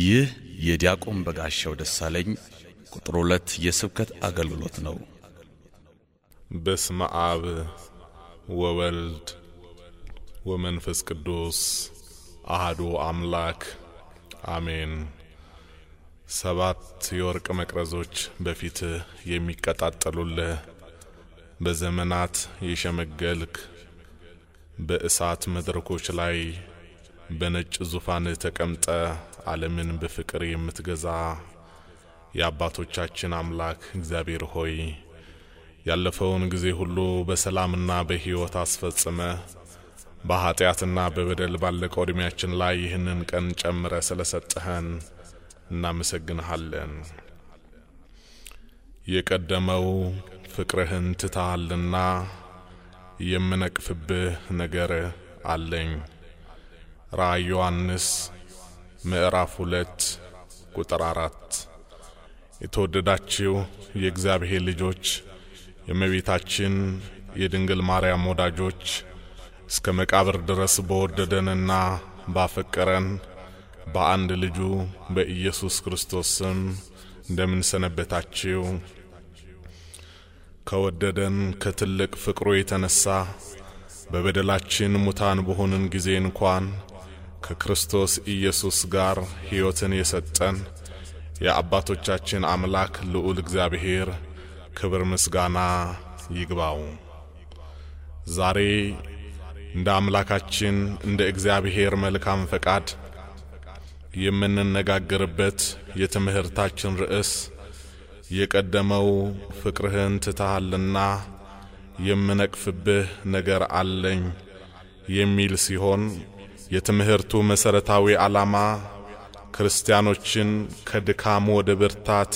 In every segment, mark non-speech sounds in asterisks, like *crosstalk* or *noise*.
ይህ የዲያቆን በጋሻው ደሳለኝ ቁጥር ሁለት የስብከት አገልግሎት ነው። በስመ አብ ወወልድ ወመንፈስ ቅዱስ አህዶ አምላክ አሜን። ሰባት የወርቅ መቅረዞች በፊት የሚቀጣጠሉልህ በዘመናት የሸመገልክ በእሳት መድረኮች ላይ በነጭ ዙፋን ተቀምጠ ዓለምን በፍቅር የምትገዛ የአባቶቻችን አምላክ እግዚአብሔር ሆይ ያለፈውን ጊዜ ሁሉ በሰላምና በሕይወት አስፈጽመ በኀጢአትና በበደል ባለቀው ዕድሜያችን ላይ ይህንን ቀን ጨምረ ስለ ሰጠኸን እናመሰግንሃለን። የቀደመው ፍቅርህን ትታሃልና የምነቅፍብህ ነገር አለኝ። ራእይ ዮሐንስ ምዕራፍ ሁለት ቁጥር አራት የተወደዳችው የእግዚአብሔር ልጆች የመቤታችን የድንግል ማርያም ወዳጆች እስከ መቃብር ድረስ በወደደንና ባፈቀረን በአንድ ልጁ በኢየሱስ ክርስቶስ ስም እንደምን ሰነበታችው። ከወደደን ከትልቅ ፍቅሩ የተነሳ በበደላችን ሙታን በሆንን ጊዜ እንኳን ከክርስቶስ ኢየሱስ ጋር ሕይወትን የሰጠን የአባቶቻችን አምላክ ልዑል እግዚአብሔር ክብር ምስጋና ይግባው። ዛሬ እንደ አምላካችን እንደ እግዚአብሔር መልካም ፈቃድ የምንነጋገርበት የትምህርታችን ርዕስ የቀደመው ፍቅርህን ትተሃልና የምነቅፍብህ ነገር አለኝ የሚል ሲሆን የትምህርቱ መሠረታዊ ዓላማ ክርስቲያኖችን ከድካም ወደ ብርታት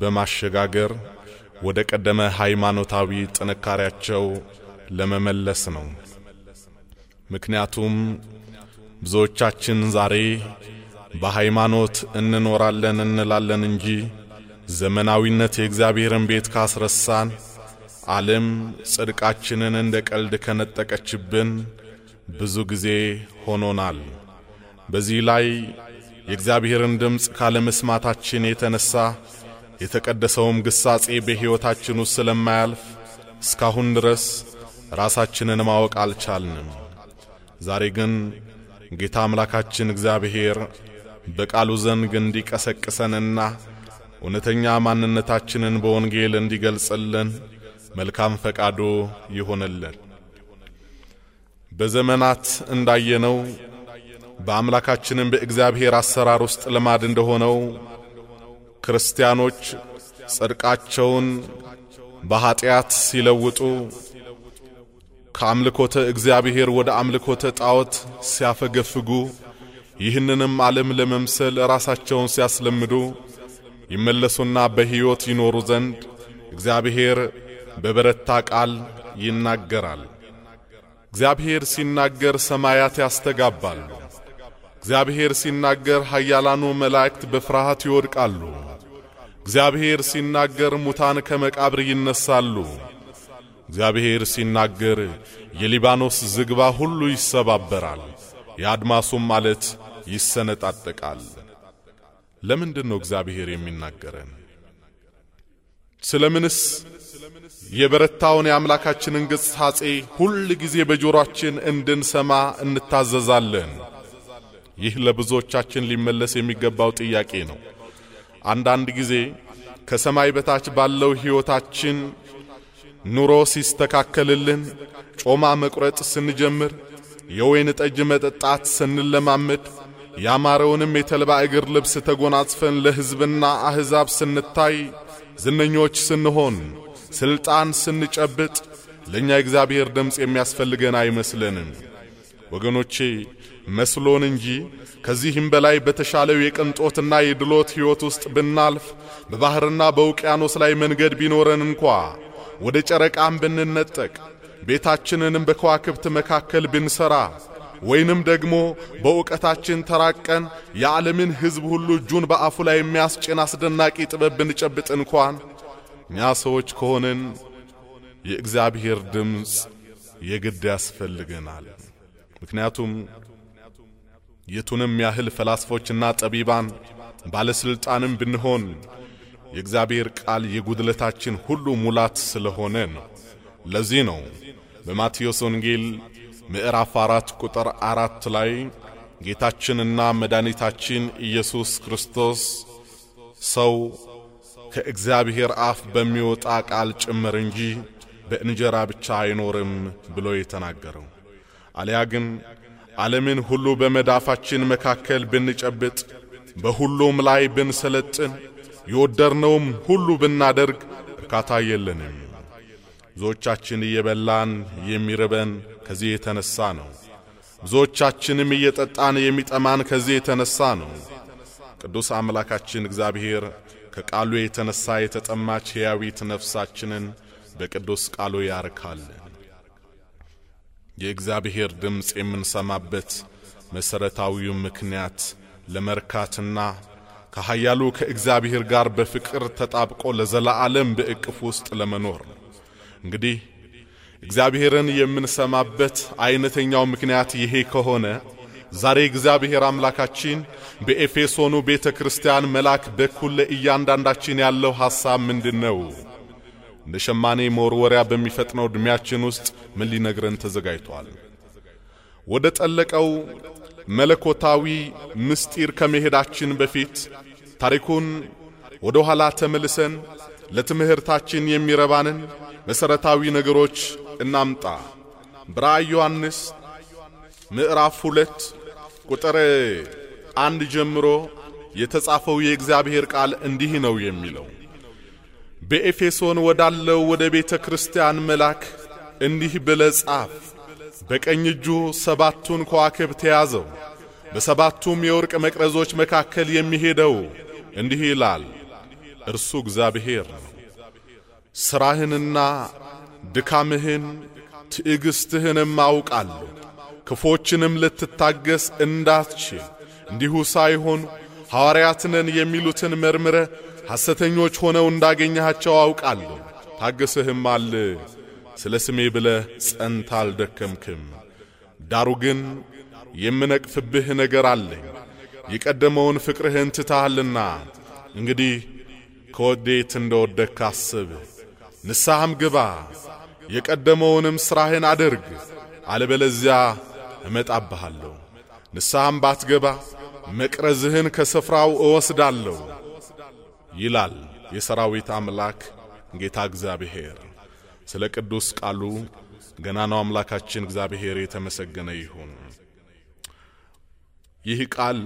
በማሸጋገር ወደ ቀደመ ሃይማኖታዊ ጥንካሬያቸው ለመመለስ ነው። ምክንያቱም ብዙዎቻችን ዛሬ በሃይማኖት እንኖራለን እንላለን እንጂ ዘመናዊነት የእግዚአብሔርን ቤት ካስረሳን፣ ዓለም ጽድቃችንን እንደ ቀልድ ከነጠቀችብን ብዙ ጊዜ ሆኖናል። በዚህ ላይ የእግዚአብሔርን ድምፅ ካለመስማታችን የተነሳ የተቀደሰውም ግሳጼ በሕይወታችን ውስጥ ስለማያልፍ እስካሁን ድረስ ራሳችንን ማወቅ አልቻልንም። ዛሬ ግን ጌታ አምላካችን እግዚአብሔር በቃሉ ዘንግ እንዲቀሰቅሰንና እውነተኛ ማንነታችንን በወንጌል እንዲገልጽልን መልካም ፈቃዱ ይሆንልን። በዘመናት እንዳየነው በአምላካችንም በእግዚአብሔር አሰራር ውስጥ ልማድ እንደሆነው ክርስቲያኖች ጽድቃቸውን በኀጢአት ሲለውጡ ከአምልኮተ እግዚአብሔር ወደ አምልኮተ ጣዖት ሲያፈገፍጉ ይህንንም ዓለም ለመምሰል ራሳቸውን ሲያስለምዱ ይመለሱና በሕይወት ይኖሩ ዘንድ እግዚአብሔር በበረታ ቃል ይናገራል። እግዚአብሔር ሲናገር ሰማያት ያስተጋባሉ። እግዚአብሔር ሲናገር ኃያላኑ መላእክት በፍርሃት ይወድቃሉ። እግዚአብሔር ሲናገር ሙታን ከመቃብር ይነሳሉ። እግዚአብሔር ሲናገር የሊባኖስ ዝግባ ሁሉ ይሰባበራል፣ የአድማሱም ማለት ይሰነጣጠቃል። ለምንድን ነው እግዚአብሔር የሚናገረን? ስለምንስ የበረታውን የአምላካችንን ግሳጼ ሁል ጊዜ በጆሮአችን እንድንሰማ እንታዘዛለን። ይህ ለብዙዎቻችን ሊመለስ የሚገባው ጥያቄ ነው። አንዳንድ ጊዜ ከሰማይ በታች ባለው ሕይወታችን ኑሮ ሲስተካከልልን፣ ጮማ መቁረጥ ስንጀምር፣ የወይን ጠጅ መጠጣት ስንለማመድ፣ ያማረውንም የተልባ እግር ልብስ ተጎናጽፈን ለሕዝብና አሕዛብ ስንታይ፣ ዝነኞች ስንሆን ስልጣን ስንጨብጥ ለእኛ እግዚአብሔር ድምፅ የሚያስፈልገን አይመስለንም። ወገኖቼ መስሎን እንጂ ከዚህም በላይ በተሻለው የቅንጦትና የድሎት ሕይወት ውስጥ ብናልፍ በባሕርና በውቅያኖስ ላይ መንገድ ቢኖረን እንኳ ወደ ጨረቃም ብንነጠቅ ቤታችንንም በከዋክብት መካከል ብንሠራ ወይንም ደግሞ በእውቀታችን ተራቀን የዓለምን ሕዝብ ሁሉ እጁን በአፉ ላይ የሚያስጭን አስደናቂ ጥበብ ብንጨብጥ እንኳን እኛ ሰዎች ከሆንን የእግዚአብሔር ድምፅ የግድ ያስፈልገናል። ምክንያቱም የቱንም ያህል ፈላስፎችና ጠቢባን ባለሥልጣንም ብንሆን የእግዚአብሔር ቃል የጉድለታችን ሁሉ ሙላት ስለሆነ ነው። ለዚህ ነው በማቴዎስ ወንጌል ምዕራፍ አራት ቁጥር አራት ላይ ጌታችንና መድኃኒታችን ኢየሱስ ክርስቶስ ሰው ከእግዚአብሔር አፍ በሚወጣ ቃል ጭምር እንጂ በእንጀራ ብቻ አይኖርም ብሎ የተናገረው አሊያ ግን ዓለምን ሁሉ በመዳፋችን መካከል ብንጨብጥ በሁሉም ላይ ብንሰለጥን የወደርነውም ሁሉ ብናደርግ እርካታ የለንም። ብዙዎቻችን እየበላን የሚርበን ከዚህ የተነሳ ነው። ብዙዎቻችንም እየጠጣን የሚጠማን ከዚህ የተነሳ ነው። ቅዱስ አምላካችን እግዚአብሔር ከቃሉ የተነሳ የተጠማች ሕያዊት ነፍሳችንን በቅዱስ ቃሉ ያርካል። የእግዚአብሔር ድምፅ የምንሰማበት መሠረታዊው ምክንያት ለመርካትና ከኃያሉ ከእግዚአብሔር ጋር በፍቅር ተጣብቆ ለዘላዓለም በእቅፍ ውስጥ ለመኖር ነው። እንግዲህ እግዚአብሔርን የምንሰማበት አይነተኛው ምክንያት ይሄ ከሆነ ዛሬ እግዚአብሔር አምላካችን በኤፌሶኑ ቤተ ክርስቲያን መልአክ በኩል ለእያንዳንዳችን ያለው ሐሳብ ምንድን ነው? እንደ ሸማኔ መወርወሪያ በሚፈጥነው ዕድሜያችን ውስጥ ምን ሊነግረን ተዘጋጅቷል? ወደ ጠለቀው መለኮታዊ ምስጢር ከመሄዳችን በፊት ታሪኩን ወደ ኋላ ተመልሰን ለትምህርታችን የሚረባንን መሠረታዊ ነገሮች እናምጣ። ብራእይ ዮሐንስ ምዕራፍ ሁለት ቁጥር አንድ ጀምሮ የተጻፈው የእግዚአብሔር ቃል እንዲህ ነው የሚለው በኤፌሶን ወዳለው ወደ ቤተ ክርስቲያን መልአክ እንዲህ ብለ ጻፍ። በቀኝ እጁ ሰባቱን ከዋክብት የያዘው በሰባቱም የወርቅ መቅረዞች መካከል የሚሄደው እንዲህ ይላል፣ እርሱ እግዚአብሔር ነው። ሥራህንና ድካምህን ትዕግሥትህንም አውቃለሁ። ክፎችንም ልትታገስ እንዳትችል እንዲሁ ሳይሆን ሐዋርያትነን የሚሉትን መርምረ ሐሰተኞች ሆነው እንዳገኘሃቸው አውቃለሁ። ታገስህም አለ። ስለ ስሜ ብለህ ጸንታ አልደከምክም። ዳሩ ግን የምነቅፍብህ ነገር አለኝ። የቀደመውን ፍቅርህን ትታሃልና እንግዲህ ከወዴት እንደወደክ አስብ፣ ንስሐም ግባ፣ የቀደመውንም ሥራህን አድርግ። አለበለዚያ እመጣብሃለሁ። ንስሐም ባትገባ መቅረዝህን ከስፍራው እወስዳለሁ ይላል የሰራዊት አምላክ ጌታ እግዚአብሔር። ስለ ቅዱስ ቃሉ ገናናው አምላካችን እግዚአብሔር የተመሰገነ ይሁን። ይህ ቃል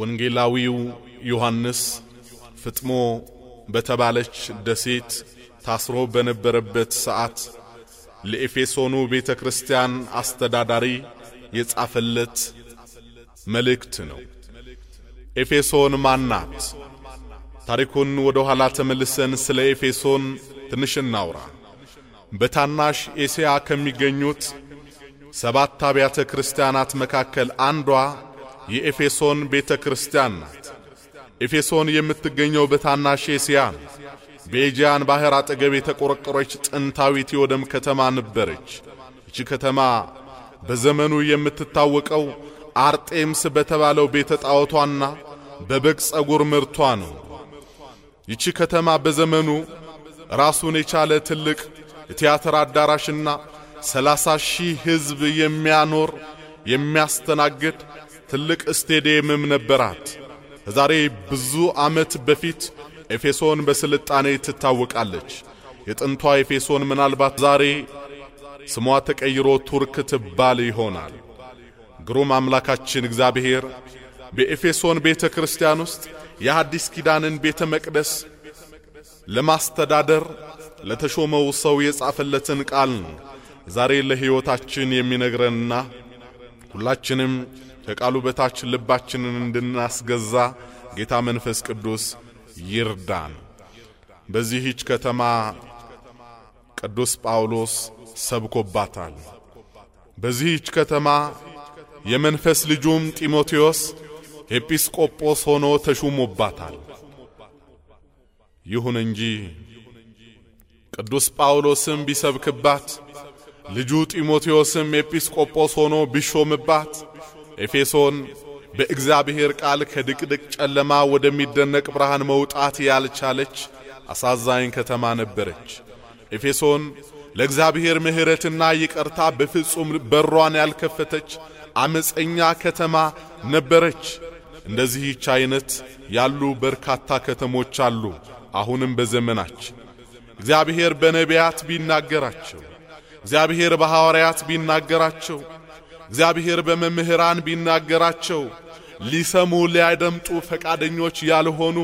ወንጌላዊው ዮሐንስ ፍጥሞ በተባለች ደሴት ታስሮ በነበረበት ሰዓት ለኤፌሶኑ ቤተ ክርስቲያን አስተዳዳሪ የጻፈለት መልእክት ነው። ኤፌሶን ማናት? ታሪኩን ወደ ኋላ ተመልሰን ስለ ኤፌሶን ትንሽ እናውራ። በታናሽ ኤስያ ከሚገኙት ሰባት አብያተ ክርስቲያናት መካከል አንዷ የኤፌሶን ቤተ ክርስቲያን ናት። ኤፌሶን የምትገኘው በታናሽ ኤስያ ነው። በኤጂያን ባሕር አጠገብ የተቆረቆረች ጥንታዊት የወደም ከተማ ነበረች። ይቺ ከተማ በዘመኑ የምትታወቀው አርጤምስ በተባለው ቤተ ጣዖቷና በበግ ጸጉር ምርቷ ነው። ይቺ ከተማ በዘመኑ ራሱን የቻለ ትልቅ የቲያትር አዳራሽና ሰላሳ ሺህ ሕዝብ የሚያኖር የሚያስተናግድ ትልቅ ስቴዲየምም ነበራት። ከዛሬ ብዙ ዓመት በፊት ኤፌሶን በስልጣኔ ትታወቃለች። የጥንቷ ኤፌሶን ምናልባት ዛሬ ስሟ ተቀይሮ ቱርክ ትባል ይሆናል። ግሩም አምላካችን እግዚአብሔር በኤፌሶን ቤተ ክርስቲያን ውስጥ የአዲስ ኪዳንን ቤተ መቅደስ ለማስተዳደር ለተሾመው ሰው የጻፈለትን ቃል ነው ዛሬ ለሕይወታችን የሚነግረንና ሁላችንም ከቃሉ በታች ልባችንን እንድናስገዛ ጌታ መንፈስ ቅዱስ ይርዳን። በዚህች ከተማ ቅዱስ ጳውሎስ ሰብኮባታል። በዚህች ከተማ የመንፈስ ልጁም ጢሞቴዎስ ኤጲስቆጶስ ሆኖ ተሹሞባታል። ይሁን እንጂ ቅዱስ ጳውሎስም ቢሰብክባት ልጁ ጢሞቴዎስም ኤጲስቆጶስ ሆኖ ቢሾምባት ኤፌሶን በእግዚአብሔር ቃል ከድቅድቅ ጨለማ ወደሚደነቅ ብርሃን መውጣት ያልቻለች አሳዛኝ ከተማ ነበረች። ኤፌሶን ለእግዚአብሔር ምሕረትና ይቅርታ በፍጹም በሯን ያልከፈተች አመፀኛ ከተማ ነበረች። እንደዚህች አይነት ያሉ በርካታ ከተሞች አሉ። አሁንም በዘመናችን እግዚአብሔር በነቢያት ቢናገራቸው፣ እግዚአብሔር በሐዋርያት ቢናገራቸው እግዚአብሔር በመምህራን ቢናገራቸው ሊሰሙ ሊያደምጡ ፈቃደኞች ያልሆኑ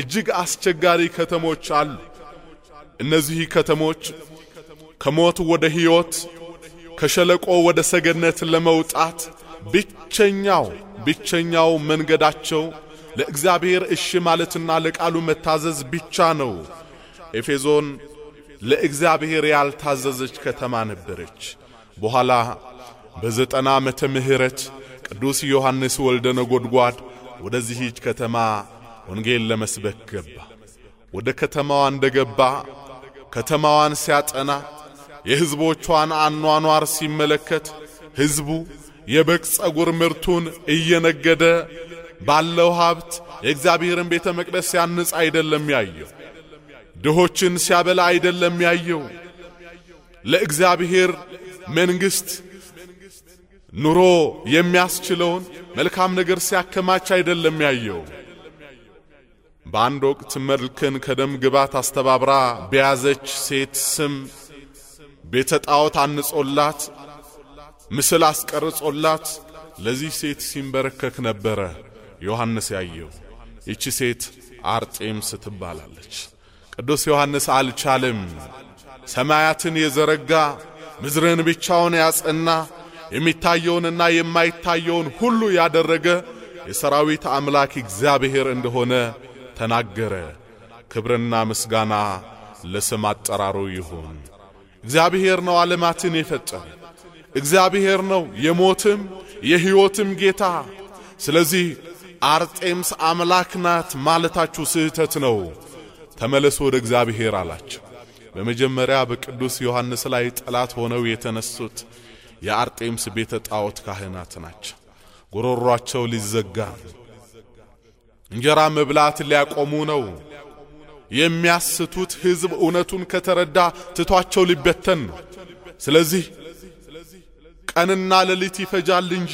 እጅግ አስቸጋሪ ከተሞች አሉ። እነዚህ ከተሞች ከሞት ወደ ሕይወት፣ ከሸለቆ ወደ ሰገነት ለመውጣት ብቸኛው ብቸኛው መንገዳቸው ለእግዚአብሔር እሺ ማለትና ለቃሉ መታዘዝ ብቻ ነው። ኤፌሶን ለእግዚአብሔር ያልታዘዘች ከተማ ነበረች። በኋላ በዘጠና ዓመተ ምህረት ቅዱስ ዮሐንስ ወልደ ነጎድጓድ ወደዚህች ከተማ ወንጌል ለመስበክ ገባ። ወደ ከተማዋ እንደ ገባ ከተማዋን ሲያጠና የሕዝቦቿን አኗኗር ሲመለከት ሕዝቡ የበግ ጸጉር ምርቱን እየነገደ ባለው ሀብት የእግዚአብሔርን ቤተ መቅደስ ሲያንጽ አይደለም ያየው፣ ድሆችን ሲያበላ አይደለም ያየው፣ ለእግዚአብሔር መንግሥት ኑሮ የሚያስችለውን መልካም ነገር ሲያከማች አይደለም ያየው። በአንድ ወቅት መልክን ከደም ግባት አስተባብራ በያዘች ሴት ስም ቤተ ጣዖት አንጾላት ምስል አስቀርጾላት ለዚህ ሴት ሲንበረከክ ነበረ ዮሐንስ ያየው። ይቺ ሴት አርጤምስ ትባላለች። ቅዱስ ዮሐንስ አልቻለም። ሰማያትን የዘረጋ ምድርን ብቻውን ያጸና የሚታየውንና የማይታየውን ሁሉ ያደረገ የሰራዊት አምላክ እግዚአብሔር እንደሆነ ተናገረ። ክብርና ምስጋና ለስም አጠራሩ ይሁን። እግዚአብሔር ነው ዓለማትን የፈጠረ። እግዚአብሔር ነው የሞትም የሕይወትም ጌታ። ስለዚህ አርጤምስ አምላክ ናት ማለታችሁ ስህተት ነው። ተመለሱ ወደ እግዚአብሔር አላቸው። በመጀመሪያ በቅዱስ ዮሐንስ ላይ ጠላት ሆነው የተነሱት የአርጤምስ ቤተ ጣዖት ካህናት ናቸው። ጉሮሯቸው ሊዘጋ እንጀራ መብላት ሊያቆሙ ነው። የሚያስቱት ሕዝብ እውነቱን ከተረዳ ትቷቸው ሊበተን ነው። ስለዚህ ቀንና ሌሊት ይፈጃል እንጂ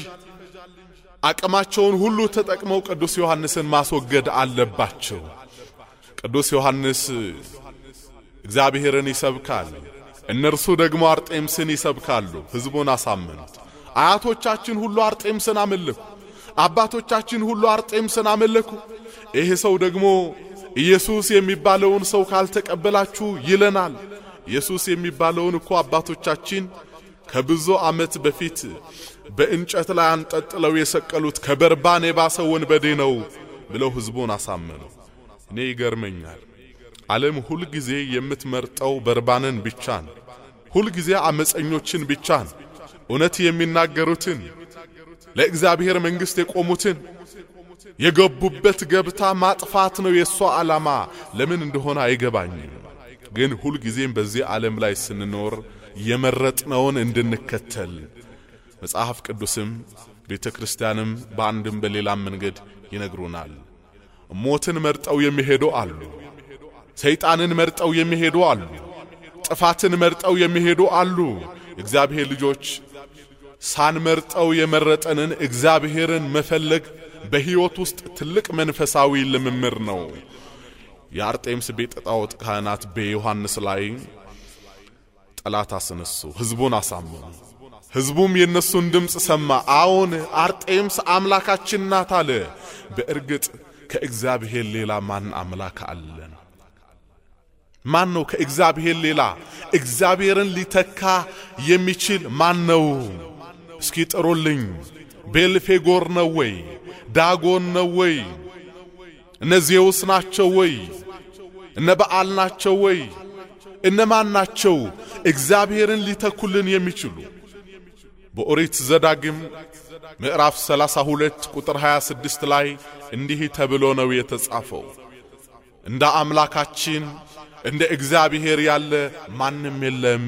አቅማቸውን ሁሉ ተጠቅመው ቅዱስ ዮሐንስን ማስወገድ አለባቸው። ቅዱስ ዮሐንስ እግዚአብሔርን ይሰብካል። እነርሱ ደግሞ አርጤምስን ይሰብካሉ፣ ሕዝቡን አሳመኑት። አያቶቻችን ሁሉ አርጤምስን አመለኩ፣ አባቶቻችን ሁሉ አርጤምስን አመለኩ። ይሄ ሰው ደግሞ ኢየሱስ የሚባለውን ሰው ካልተቀበላችሁ ይለናል። ኢየሱስ የሚባለውን እኮ አባቶቻችን ከብዙ ዓመት በፊት በእንጨት ላይ አንጠጥለው የሰቀሉት ከበርባን የባሰ ወንበዴ ነው ብለው ሕዝቡን አሳመኑ። እኔ ይገርመኛል። ዓለም ሁልጊዜ የምትመርጠው በርባንን ብቻ ነው። ሁልጊዜ አመፀኞችን ብቻ ነው። እውነት የሚናገሩትን ለእግዚአብሔር መንግሥት የቆሙትን የገቡበት ገብታ ማጥፋት ነው የእሷ ዓላማ። ለምን እንደሆነ አይገባኝም። ግን ሁልጊዜም በዚህ ዓለም ላይ ስንኖር የመረጥነውን እንድንከተል መጽሐፍ ቅዱስም ቤተ ክርስቲያንም በአንድም በሌላም መንገድ ይነግሩናል። ሞትን መርጠው የሚሄዱ አሉ። ሰይጣንን መርጠው የሚሄዱ አሉ። ጥፋትን መርጠው የሚሄዱ አሉ። የእግዚአብሔር ልጆች ሳንመርጠው የመረጠንን እግዚአብሔርን መፈለግ በሕይወት ውስጥ ትልቅ መንፈሳዊ ልምምር ነው። የአርጤምስ ቤተ ጣዖት ካህናት በዮሐንስ ላይ ጠላት አስነሱ፣ ሕዝቡን አሳመኑ። ሕዝቡም የእነሱን ድምፅ ሰማ። አዎን አርጤምስ አምላካችን ናት አለ። በእርግጥ ከእግዚአብሔር ሌላ ማን አምላክ አለን? ማን ነው ከእግዚአብሔር ሌላ? እግዚአብሔርን ሊተካ የሚችል ማን ነው? እስኪ ጥሩልኝ። ቤልፌጎር ነው ወይ? ዳጎን ነው ወይ? እነ ዜውስ ናቸው ወይ? እነ በዓል ናቸው ወይ? እነማን ናቸው እግዚአብሔርን ሊተኩልን የሚችሉ? በኦሪት ዘዳግም ምዕራፍ 32 ቁጥር 26 ላይ እንዲህ ተብሎ ነው የተጻፈው እንደ አምላካችን እንደ እግዚአብሔር ያለ ማንም የለም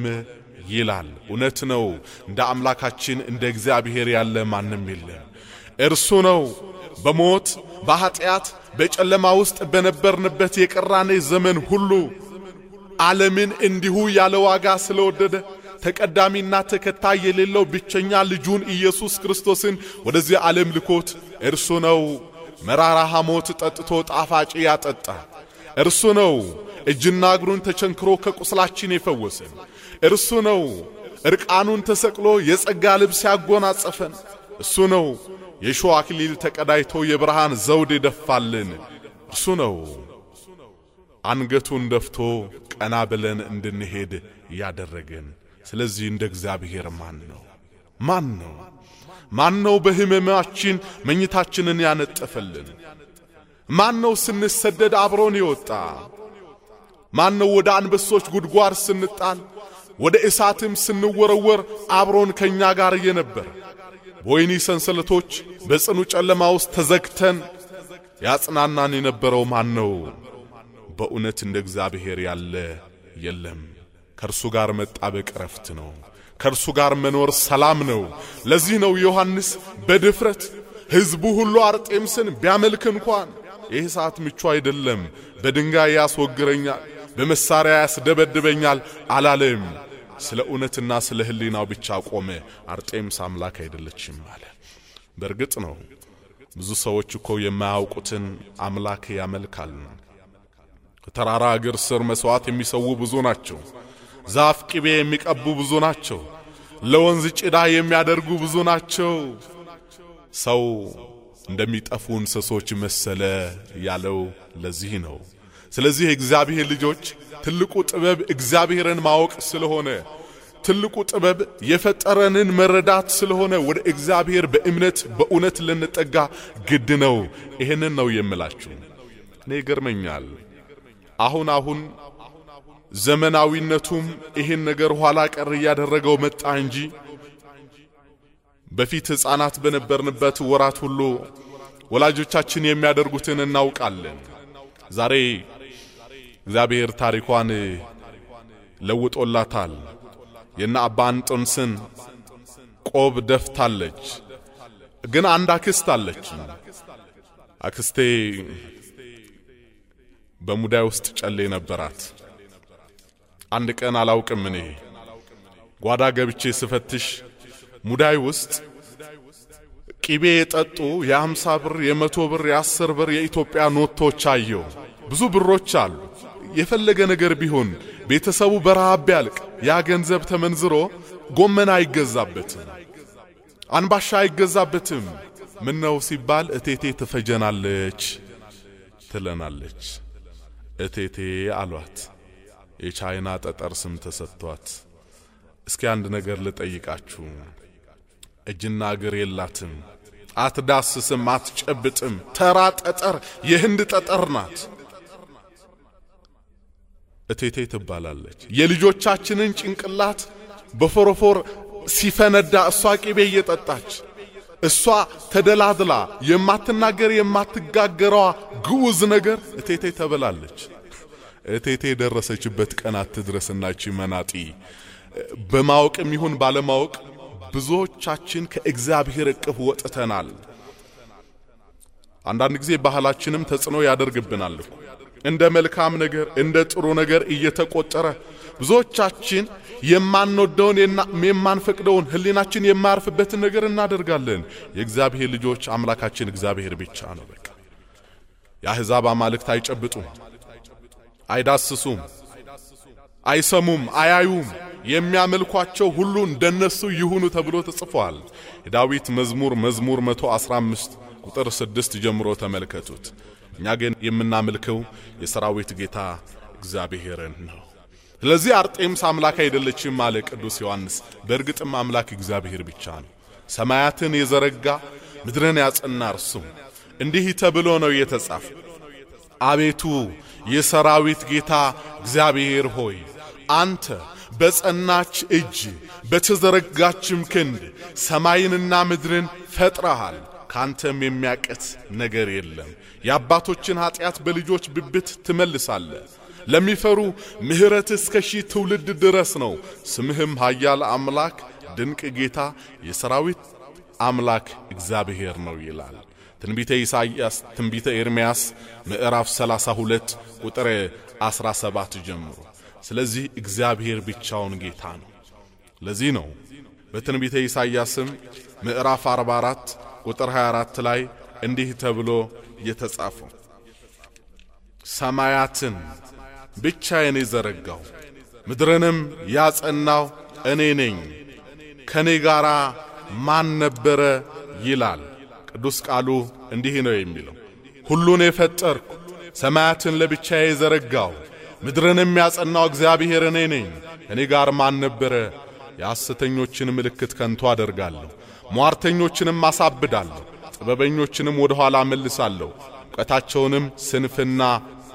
ይላል። እውነት ነው። እንደ አምላካችን እንደ እግዚአብሔር ያለ ማንም የለም። እርሱ ነው በሞት በኃጢአት በጨለማ ውስጥ በነበርንበት የቀራኔ ዘመን ሁሉ ዓለምን እንዲሁ ያለ ዋጋ ስለወደደ ተቀዳሚና ተከታይ የሌለው ብቸኛ ልጁን ኢየሱስ ክርስቶስን ወደዚህ ዓለም ልኮት እርሱ ነው መራራ ሐሞት ጠጥቶ ጣፋጭ ያጠጣ እርሱ ነው እጅና እግሩን ተቸንክሮ ከቁስላችን የፈወሰን እርሱ ነው። እርቃኑን ተሰቅሎ የጸጋ ልብስ ያጎናጸፈን እሱ ነው። የእሾህ አክሊል ተቀዳይቶ የብርሃን ዘውድ የደፋልን እርሱ ነው። አንገቱን ደፍቶ ቀና ብለን እንድንሄድ ያደረገን። ስለዚህ እንደ እግዚአብሔር ማን ነው? ማን ነው? ማን ነው በሕመማችን መኝታችንን ያነጠፈልን? ማን ነው ስንሰደድ አብሮን ይወጣ? ማን ወደ አንበሶች ጉድጓድ ስንጣል ወደ እሳትም ስንወረወር አብሮን ከኛ ጋር የነበረ? በወይኒ ሰንሰለቶች በጽኑ ጨለማ ውስጥ ተዘግተን ያጽናናን የነበረው ማን ነው? በእውነት እንደ እግዚአብሔር ያለ የለም። ከእርሱ ጋር መጣበቅ ረፍት ነው። ከእርሱ ጋር መኖር ሰላም ነው። ለዚህ ነው ዮሐንስ በድፍረት ሕዝቡ ሁሉ አርጤምስን ቢያመልክ እንኳን ይህ ሰዓት ምቹ አይደለም፣ በድንጋይ ያስወግረኛል በመሳሪያ ያስደበድበኛል አላለም። ስለ እውነትና ስለ ሕሊናው ብቻ ቆመ። አርጤምስ አምላክ አይደለችም አለ። በእርግጥ ነው ብዙ ሰዎች እኮ የማያውቁትን አምላክ ያመልካል። ተራራ እግር ስር መሥዋዕት የሚሰዉ ብዙ ናቸው። ዛፍ ቅቤ የሚቀቡ ብዙ ናቸው። ለወንዝ ጭዳ የሚያደርጉ ብዙ ናቸው። ሰው እንደሚጠፉ እንስሶች መሰለ ያለው ለዚህ ነው። ስለዚህ የእግዚአብሔር ልጆች ትልቁ ጥበብ እግዚአብሔርን ማወቅ ስለሆነ ትልቁ ጥበብ የፈጠረንን መረዳት ስለሆነ ወደ እግዚአብሔር በእምነት በእውነት ልንጠጋ ግድ ነው። ይህንን ነው የምላችሁ። እኔ ይገርመኛል። አሁን አሁን ዘመናዊነቱም ይህን ነገር ኋላ ቀር እያደረገው መጣ እንጂ በፊት ሕፃናት በነበርንበት ወራት ሁሉ ወላጆቻችን የሚያደርጉትን እናውቃለን። ዛሬ እግዚአብሔር ታሪኳን ለውጦላታል። የነ አባ እንጦንስን ቆብ ደፍታለች። ግን አንድ አክስት አለች። አክስቴ በሙዳይ ውስጥ ጨሌ ነበራት። አንድ ቀን አላውቅም እኔ ጓዳ ገብቼ ስፈትሽ ሙዳይ ውስጥ ቂቤ የጠጡ የአምሳ ብር የመቶ ብር የአስር ብር የኢትዮጵያ ኖቶች አየው። ብዙ ብሮች አሉ። የፈለገ ነገር ቢሆን ቤተሰቡ በረሃብ ቢያልቅ ያ ገንዘብ ተመንዝሮ ጎመን አይገዛበትም፣ አንባሻ አይገዛበትም። ምነው ሲባል እቴቴ ትፈጀናለች ትለናለች። እቴቴ አሏት። የቻይና ጠጠር ስም ተሰጥቷት። እስኪ አንድ ነገር ልጠይቃችሁ። እጅና እግር የላትም፣ አትዳስስም፣ አትጨብጥም። ተራ ጠጠር የህንድ ጠጠር ናት። እቴቴ ትባላለች። የልጆቻችንን ጭንቅላት በፎረፎር ሲፈነዳ እሷ ቂቤ እየጠጣች እሷ ተደላድላ የማትናገር የማትጋገረዋ ግዑዝ ነገር እቴቴ ተብላለች። እቴቴ የደረሰችበት ቀን አትድረስና መናጢ በማወቅም ይሁን ባለማወቅ ብዙዎቻችን ከእግዚአብሔር እቅፍ ወጥተናል። አንዳንድ ጊዜ ባህላችንም ተጽዕኖ ያደርግብናል። እንደ መልካም ነገር እንደ ጥሩ ነገር እየተቆጠረ ብዙዎቻችን የማንወደውን የማንፈቅደውን ህሊናችን የማያርፍበትን ነገር እናደርጋለን። የእግዚአብሔር ልጆች አምላካችን እግዚአብሔር ብቻ ነው። በቃ የአሕዛብ አማልክት አይጨብጡም፣ አይዳስሱም፣ አይሰሙም፣ አያዩም። የሚያመልኳቸው ሁሉ እንደነሱ ይሁኑ ተብሎ ተጽፏል። የዳዊት መዝሙር መዝሙር 115 ቁጥር 6 ጀምሮ ተመልከቱት። እኛ ግን የምናመልከው የሰራዊት ጌታ እግዚአብሔርን ነው። ስለዚህ አርጤምስ አምላክ አይደለችም አለ ቅዱስ ዮሐንስ። በእርግጥም አምላክ እግዚአብሔር ብቻ ነው። ሰማያትን የዘረጋ ምድርን ያጸና እርሱ። እንዲህ ተብሎ ነው የተጻፈ፣ አቤቱ የሰራዊት ጌታ እግዚአብሔር ሆይ አንተ በጸናች እጅ በተዘረጋችም ክንድ ሰማይንና ምድርን ፈጥረሃል። ካንተም የሚያቀት ነገር የለም። የአባቶችን ኀጢአት በልጆች ብብት ትመልሳለ። ለሚፈሩ ምሕረት እስከ ሺህ ትውልድ ድረስ ነው። ስምህም ኃያል አምላክ፣ ድንቅ ጌታ፣ የሰራዊት አምላክ እግዚአብሔር ነው ይላል። ትንቢተ ኢሳይያስ፣ ትንቢተ ኤርምያስ ምዕራፍ 32 ቁጥር 17 ጀምሮ። ስለዚህ እግዚአብሔር ብቻውን ጌታ ነው። ለዚህ ነው በትንቢተ ኢሳይያስም ምዕራፍ 44 ቁጥር 24 ላይ እንዲህ ተብሎ የተጻፈው ሰማያትን ብቻዬን የዘረጋው ምድርንም ያጸናው እኔ ነኝ፣ ከኔ ጋር ማን ነበረ ይላል ቅዱስ ቃሉ። እንዲህ ነው የሚለው ሁሉን የፈጠርኩ ሰማያትን ለብቻዬ የዘረጋው ምድርንም ያጸናው እግዚአብሔር እኔ ነኝ፣ ከኔ ጋር ማን ነበረ? የሐሰተኞችን ምልክት ከንቱ አደርጋለሁ ሟርተኞችንም አሳብዳለሁ፣ ጥበበኞችንም ወደ ኋላ መልሳለሁ፣ እውቀታቸውንም ስንፍና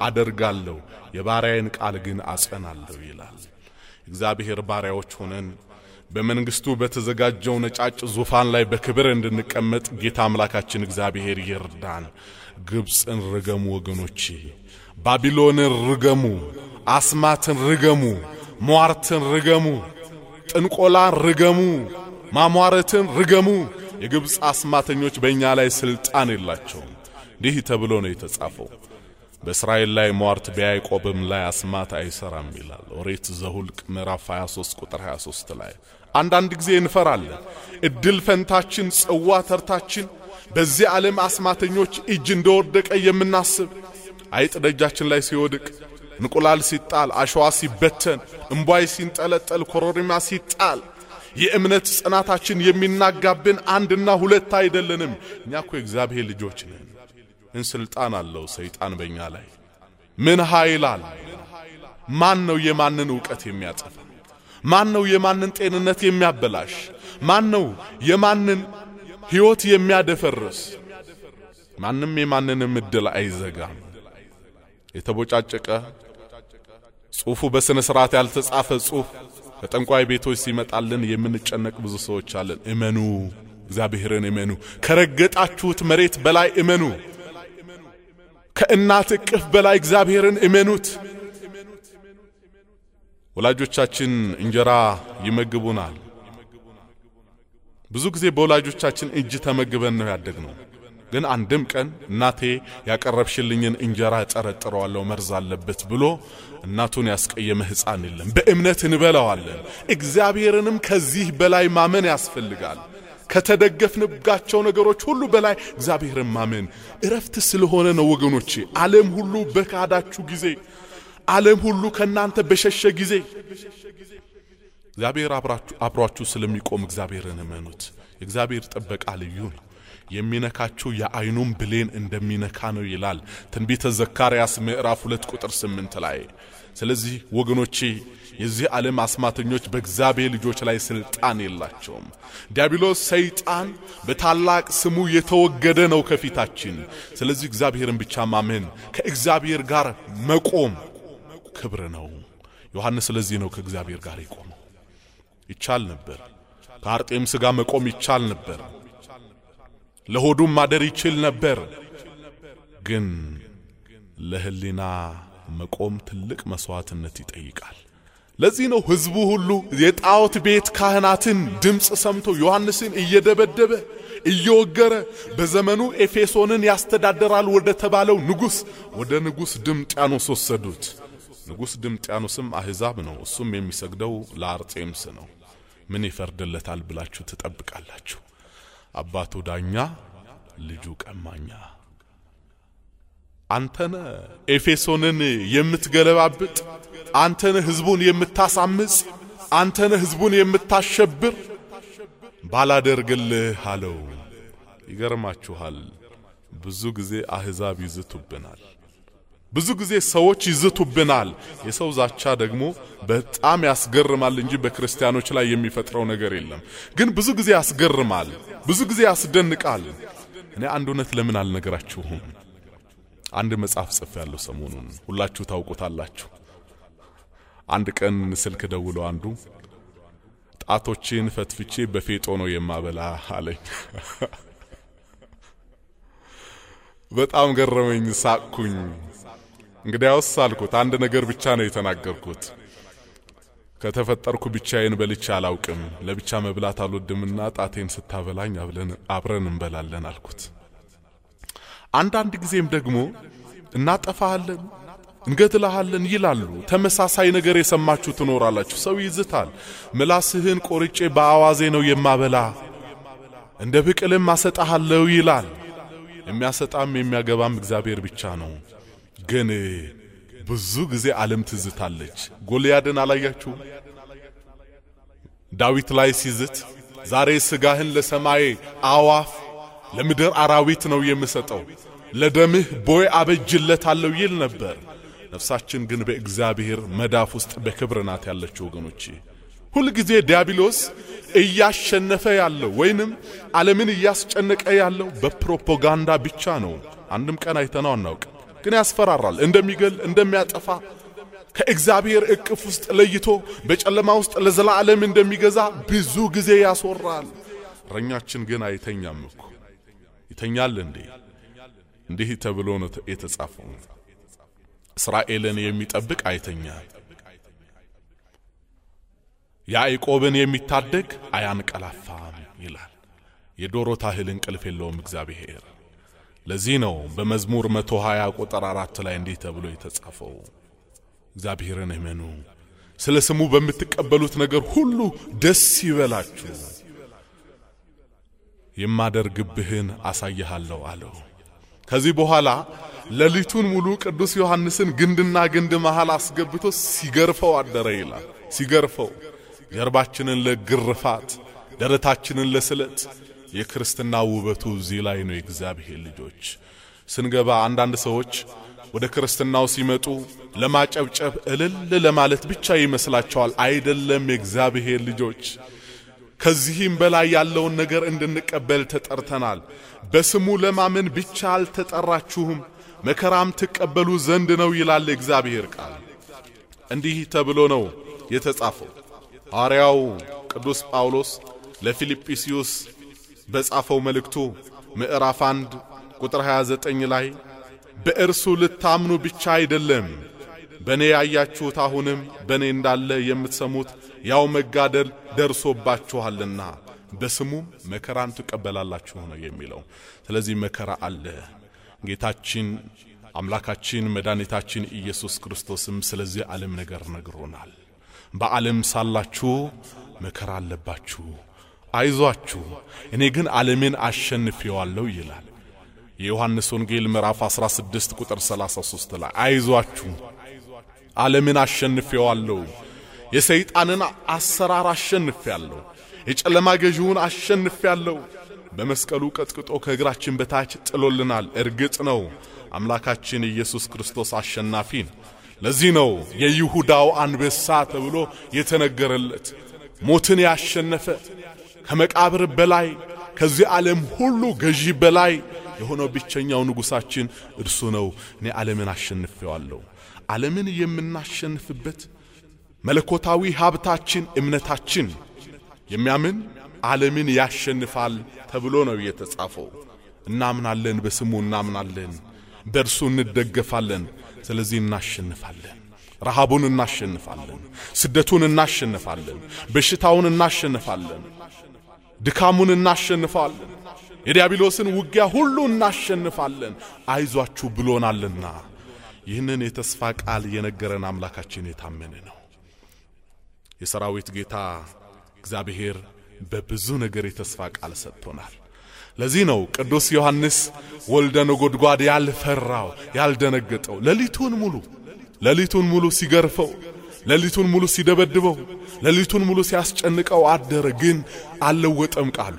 አደርጋለሁ፣ የባሪያዬን ቃል ግን አጸናለሁ ይላል። እግዚአብሔር ባሪያዎች ሆነን በመንግስቱ በተዘጋጀው ነጫጭ ዙፋን ላይ በክብር እንድንቀመጥ ጌታ አምላካችን እግዚአብሔር ይርዳን። ግብፅን ርገሙ ወገኖቼ፣ ባቢሎንን ርገሙ፣ አስማትን ርገሙ፣ ሟርትን ርገሙ፣ ጥንቆላን ርገሙ። ማሟረትን ርገሙ። የግብፅ አስማተኞች በእኛ ላይ ሥልጣን የላቸውም። እንዲህ ተብሎ ነው የተጻፈው። በእስራኤል ላይ ሟርት በያዕቆብም ላይ አስማት አይሰራም ይላል ኦሪት ዘሁልቅ ምዕራፍ 23 ቁጥር 23 ላይ። አንዳንድ ጊዜ እንፈራለን። እድል ፈንታችን፣ ጽዋ ተርታችን በዚህ ዓለም አስማተኞች እጅ እንደወደቀ የምናስብ አይጥ ደጃችን ላይ ሲወድቅ እንቁላል ሲጣል፣ አሸዋ ሲበተን፣ እምቧይ ሲንጠለጠል፣ ኮረሪማ ሲጣል የእምነት ጽናታችን የሚናጋብን አንድና ሁለት አይደለንም። እኛ እኮ የእግዚአብሔር ልጆች ነን። ምን ስልጣን አለው ሰይጣን በእኛ ላይ? ምን ኃይል አለ? ማን ነው የማንን ዕውቀት የሚያጠፋ? ማን ነው የማንን ጤንነት የሚያበላሽ? ማን ነው የማንን ሕይወት የሚያደፈርስ? ማንም የማንንም እድል አይዘጋም። የተቦጫጨቀ ጽሑፉ በሥነ ሥርዓት ያልተጻፈ ጽሑፍ ከጠንቋይ ቤቶች ሲመጣልን የምንጨነቅ ብዙ ሰዎች አለን። እመኑ፣ እግዚአብሔርን እመኑ። ከረገጣችሁት መሬት በላይ እመኑ። ከእናት እቅፍ በላይ እግዚአብሔርን እመኑት። ወላጆቻችን እንጀራ ይመግቡናል። ብዙ ጊዜ በወላጆቻችን እጅ ተመግበን ነው ያደግነው። ግን አንድም ቀን እናቴ ያቀረብሽልኝን እንጀራ እጠረጥረዋለሁ መርዝ አለበት ብሎ እናቱን ያስቀየመ ሕፃን የለም። በእምነት እንበላዋለን። እግዚአብሔርንም ከዚህ በላይ ማመን ያስፈልጋል። ከተደገፍንባቸው ነገሮች ሁሉ በላይ እግዚአብሔርን ማመን እረፍት ስለሆነ ነው ወገኖቼ። ዓለም ሁሉ በካዳችሁ ጊዜ፣ ዓለም ሁሉ ከእናንተ በሸሸ ጊዜ እግዚአብሔር አብሯችሁ ስለሚቆም እግዚአብሔርን እመኑት። የእግዚአብሔር ጥበቃ ልዩ ነው። የሚነካችሁ የአይኑን ብሌን እንደሚነካ ነው ይላል ትንቢተ ዘካርያስ ምዕራፍ ሁለት ቁጥር ስምንት ላይ። ስለዚህ ወገኖቼ የዚህ ዓለም አስማተኞች በእግዚአብሔር ልጆች ላይ ስልጣን የላቸውም። ዲያብሎስ ሰይጣን በታላቅ ስሙ የተወገደ ነው ከፊታችን። ስለዚህ እግዚአብሔርን ብቻ ማመን፣ ከእግዚአብሔር ጋር መቆም ክብር ነው። ዮሐንስ ስለዚህ ነው ከእግዚአብሔር ጋር የቆመው። ይቻል ነበር ከአርጤም ሥጋ መቆም ይቻል ነበር። ለሆዱም ማደር ይችል ነበር። ግን ለህሊና መቆም ትልቅ መሥዋዕትነት ይጠይቃል። ለዚህ ነው ሕዝቡ ሁሉ የጣዖት ቤት ካህናትን ድምፅ ሰምቶ ዮሐንስን እየደበደበ እየወገረ በዘመኑ ኤፌሶንን ያስተዳደራል ወደ ተባለው ንጉሥ ወደ ንጉሥ ድምጥያኖስ ወሰዱት። ንጉሥ ድምጥያኖስም አሕዛብ ነው። እሱም የሚሰግደው ለአርጤምስ ነው። ምን ይፈርድለታል ብላችሁ ትጠብቃላችሁ? አባቱ ዳኛ ልጁ ቀማኛ። አንተነ ኤፌሶንን የምትገለባብጥ፣ አንተነ ህዝቡን የምታሳምጽ፣ አንተነ ህዝቡን የምታሸብር ባላደርግልህ አለው። ይገርማችኋል ብዙ ጊዜ አህዛብ ይዝቱብናል። ብዙ ጊዜ ሰዎች ይዝቱብናል። የሰው ዛቻ ደግሞ በጣም ያስገርማል እንጂ በክርስቲያኖች ላይ የሚፈጥረው ነገር የለም። ግን ብዙ ጊዜ ያስገርማል፣ ብዙ ጊዜ ያስደንቃል። እኔ አንድ እውነት ለምን አልነገራችሁም? አንድ መጽሐፍ ጽፍ ያለው ሰሞኑን ሁላችሁ ታውቁታላችሁ። አንድ ቀን ስልክ ደውሎ አንዱ ጣቶቼን ፈትፍቼ በፌጦ ነው የማበላ አለኝ። *laughs* በጣም ገረመኝ፣ ሳቅኩኝ። እንግዲያውስ አልኩት፣ አንድ ነገር ብቻ ነው የተናገርኩት። ከተፈጠርኩ ብቻዬን በልቼ አላውቅም። ለብቻ መብላት አልወድምና ጣቴን ስታበላኝ አብረን እንበላለን አልኩት። አንዳንድ ጊዜም ደግሞ እናጠፋሃለን፣ እንገድልሃለን ይላሉ። ተመሳሳይ ነገር የሰማችሁ ትኖራላችሁ። ሰው ይዝታል። ምላስህን ቆርጬ በአዋዜ ነው የማበላ፣ እንደ ብቅልም አሰጣሃለሁ ይላል። የሚያሰጣም የሚያገባም እግዚአብሔር ብቻ ነው። ግን ብዙ ጊዜ ዓለም ትዝታለች። ጎልያድን አላያችሁ? ዳዊት ላይ ሲዝት ዛሬ ሥጋህን ለሰማይ አዋፍ ለምድር አራዊት ነው የምሰጠው፣ ለደምህ ቦይ አበጅለታለሁ ይል ነበር። ነፍሳችን ግን በእግዚአብሔር መዳፍ ውስጥ በክብር ናት ያለችው ወገኖች። ሁልጊዜ ዲያብሎስ እያሸነፈ ያለው ወይንም ዓለምን እያስጨነቀ ያለው በፕሮፓጋንዳ ብቻ ነው። አንድም ቀን አይተነው አናውቅ። ግን ያስፈራራል። እንደሚገል እንደሚያጠፋ ከእግዚአብሔር እቅፍ ውስጥ ለይቶ በጨለማ ውስጥ ለዘላለም እንደሚገዛ ብዙ ጊዜ ያስወራል። እረኛችን ግን አይተኛም እኮ ይተኛል እንዴ? እንዲህ ተብሎ ነው የተጻፈው፣ እስራኤልን የሚጠብቅ አይተኛም፣ ያዕቆብን የሚታደግ አያንቀላፋም ይላል። የዶሮ ታህል እንቅልፍ የለውም እግዚአብሔር ለዚህ ነው በመዝሙር 120 ቁጥር 4 ላይ እንዲህ ተብሎ የተጻፈው እግዚአብሔርን እመኑ፣ ስለ ስሙ በምትቀበሉት ነገር ሁሉ ደስ ይበላችሁ፣ የማደርግብህን አሳይሃለሁ አለው። ከዚህ በኋላ ሌሊቱን ሙሉ ቅዱስ ዮሐንስን ግንድና ግንድ መሃል አስገብቶ ሲገርፈው አደረ ይላል። ሲገርፈው ጀርባችንን ለግርፋት ደረታችንን ለስለት የክርስትና ውበቱ እዚህ ላይ ነው። የእግዚአብሔር ልጆች ስንገባ አንዳንድ ሰዎች ወደ ክርስትናው ሲመጡ ለማጨብጨብ እልል ለማለት ብቻ ይመስላቸዋል። አይደለም የእግዚአብሔር ልጆች፣ ከዚህም በላይ ያለውን ነገር እንድንቀበል ተጠርተናል። በስሙ ለማመን ብቻ አልተጠራችሁም፣ መከራም ትቀበሉ ዘንድ ነው ይላል እግዚአብሔር ቃል። እንዲህ ተብሎ ነው የተጻፈው ሐዋርያው ቅዱስ ጳውሎስ ለፊልጵስዩስ በጻፈው መልእክቱ ምዕራፍ 1 ቁጥር 29 ላይ በእርሱ ልታምኑ ብቻ አይደለም በእኔ ያያችሁት አሁንም በእኔ እንዳለ የምትሰሙት ያው መጋደል ደርሶባችኋልና በስሙም መከራን ትቀበላላችሁ ነው የሚለው። ስለዚህ መከራ አለ። ጌታችን አምላካችን መድኃኒታችን ኢየሱስ ክርስቶስም ስለዚህ ዓለም ነገር ነግሮናል። በዓለም ሳላችሁ መከራ አለባችሁ አይዟችሁ እኔ ግን ዓለሜን አሸንፌዋለሁ ይላል። የዮሐንስ ወንጌል ምዕራፍ 16 ቁጥር 33 ላይ አይዟችሁ ዓለምን አሸንፌዋለሁ፣ የሰይጣንን አሰራር አሸንፌያለሁ፣ የጨለማ ገዢውን አሸንፌያለሁ። በመስቀሉ ቀጥቅጦ ከእግራችን በታች ጥሎልናል። እርግጥ ነው አምላካችን ኢየሱስ ክርስቶስ አሸናፊ ነው። ለዚህ ነው የይሁዳው አንበሳ ተብሎ የተነገረለት ሞትን ያሸነፈ ከመቃብር በላይ ከዚህ ዓለም ሁሉ ገዢ በላይ የሆነው ብቸኛው ንጉሳችን እርሱ ነው። እኔ ዓለምን አሸንፌዋለሁ። ዓለምን የምናሸንፍበት መለኮታዊ ሀብታችን እምነታችን፣ የሚያምን ዓለምን ያሸንፋል ተብሎ ነው የተጻፈው። እናምናለን፣ በስሙ እናምናለን፣ በእርሱ እንደገፋለን። ስለዚህ እናሸንፋለን። ረሃቡን እናሸንፋለን፣ ስደቱን እናሸንፋለን፣ በሽታውን እናሸንፋለን። ድካሙን እናሸንፋለን። የዲያብሎስን ውጊያ ሁሉ እናሸንፋለን፣ አይዟችሁ ብሎናልና። ይህንን የተስፋ ቃል የነገረን አምላካችን የታመነ ነው። የሰራዊት ጌታ እግዚአብሔር በብዙ ነገር የተስፋ ቃል ሰጥቶናል። ለዚህ ነው ቅዱስ ዮሐንስ ወልደ ነጎድጓድ ያልፈራው ያልደነገጠው ሌሊቱን ሙሉ ሌሊቱን ሙሉ ሲገርፈው ሌሊቱን ሙሉ ሲደበድበው፣ ሌሊቱን ሙሉ ሲያስጨንቀው አደረ። ግን አልለወጠም ቃሉ።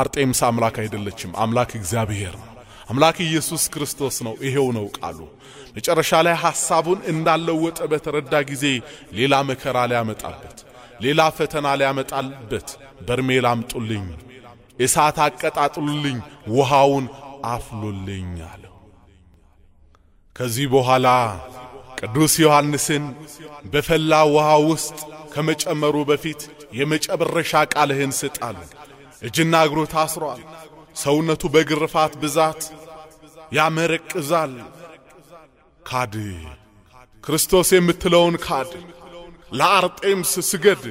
አርጤምስ አምላክ አይደለችም፣ አምላክ እግዚአብሔር ነው። አምላክ ኢየሱስ ክርስቶስ ነው። ይሄው ነው ቃሉ። መጨረሻ ላይ ሐሳቡን እንዳለወጠ በተረዳ ጊዜ ሌላ መከራ ሊያመጣበት፣ ሌላ ፈተና ሊያመጣበት በርሜል አምጡልኝ፣ እሳት አቀጣጥሉልኝ፣ ውሃውን አፍሉልኝ አለው። ከዚህ በኋላ ቅዱስ ዮሐንስን በፈላ ውሃ ውስጥ ከመጨመሩ በፊት የመጨበረሻ ቃልህን ስጣል። እጅና እግሩ ታስሯል። ሰውነቱ በግርፋት ብዛት ያመረቅዛል። ካድ ክርስቶስ የምትለውን ካድ። ለአርጤምስ ስገድ።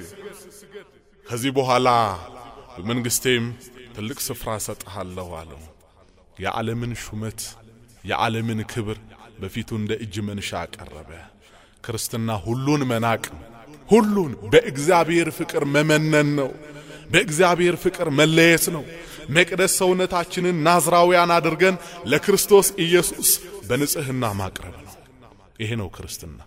ከዚህ በኋላ በመንግሥቴም ትልቅ ስፍራ ሰጥሃለሁ አለው። የዓለምን ሹመት የዓለምን ክብር በፊቱ እንደ እጅ መንሻ አቀረበ። ክርስትና ሁሉን መናቅ፣ ሁሉን በእግዚአብሔር ፍቅር መመነን ነው። በእግዚአብሔር ፍቅር መለየት ነው። መቅደስ ሰውነታችንን ናዝራውያን አድርገን ለክርስቶስ ኢየሱስ በንጽህና ማቅረብ ነው። ይሄ ነው ክርስትና።